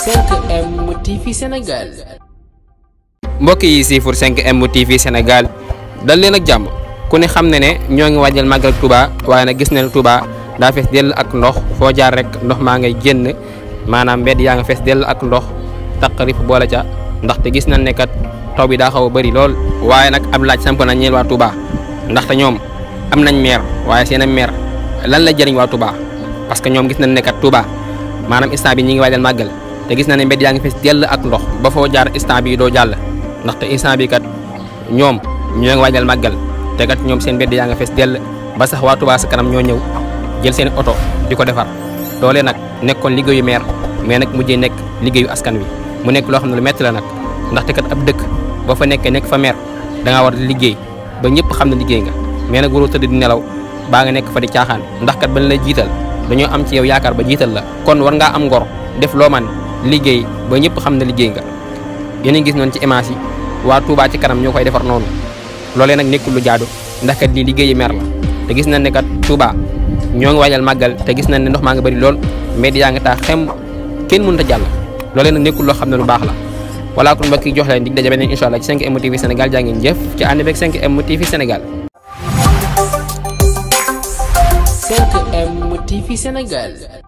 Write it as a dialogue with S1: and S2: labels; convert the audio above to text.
S1: 5M TV
S2: mbokk yi siifur 5M TV Sénégal dal leen ak jàmm ku ne xam ne ne ñoo ngi waajal màggal Touba waaye na gis nañ Touba daa fees dell ak ndox foo jaar rek ndox maa ngay génn maanaam mbedd yaa nga fees dell ak ndox taqrib boole ca ndaxte gis nañ ne taw bi daa xaw a bëri lool waaye nag ab laaj samp na ñeel waa Touba ndaxte ñoom am nañ meer waaye seen am meer lan la jëriñ waa Touba parce que ñoom gis nañ ne kat maanaam instant bi ñi ngi waajal màggal te gis na ne mbedd yaa ngi fees dell ak ndox ba foo jaar instant bi doo jàll ndaxte instant bi kat ñoom ñoo ngi waajal màggal te kat ñoom seen mbedd yaa nga fees dell ba sax waa Touba Ca Kanam ñoo ñëw jël seen oto di ko defar loolee nag nekkoon liggéeyu maire mais nag mujjee nekk liggéeyu askan wi mu nekk loo xam ne lu metti la nag ndaxte kat ab dëkk boo fa nekkee nekk fa maire da war di liggéey ba ñëpp xam ne liggéey mais nag waroo tëdd di nelaw baa nga nekk fa di caaxaan ndax kat lay jiital dañoo am ci yow yaakaar ba jiital la kon war ngaa am ngor def loo man liggéey ba ñëpp xam na liggéey nga yéen a gis noonu ci image yi waa Touba ci kanam ñoo koy defar noonu loolee nag nekkul lu jaadu ndax kat lii liggéeyu maire la te gis nañ ne kat Touba ñoo ngi waajal màggal te gis nan ne ndox maa ngi bari lool mais yaa nga taa xem kenn mënut a jàll loolee nag nekkul loo xam ne lu baax la voilà kon mbokk yi jox leen dig daje beneen incha ci 5M TV Sénégal Sénégal
S1: MTV Sénégal